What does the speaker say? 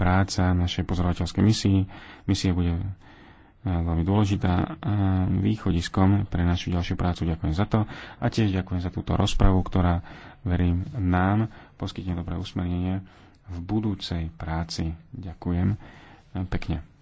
práca našej pozorovateľskej misie. Misie bude e, veľmi dôležitá e, východiskom pre našu ďalšiu prácu. Ďakujem za to a tiež ďakujem za túto rozpravu, ktorá, verím, nám poskytne dobré usmernenie v budúcej práci. Ďakujem e, pekne.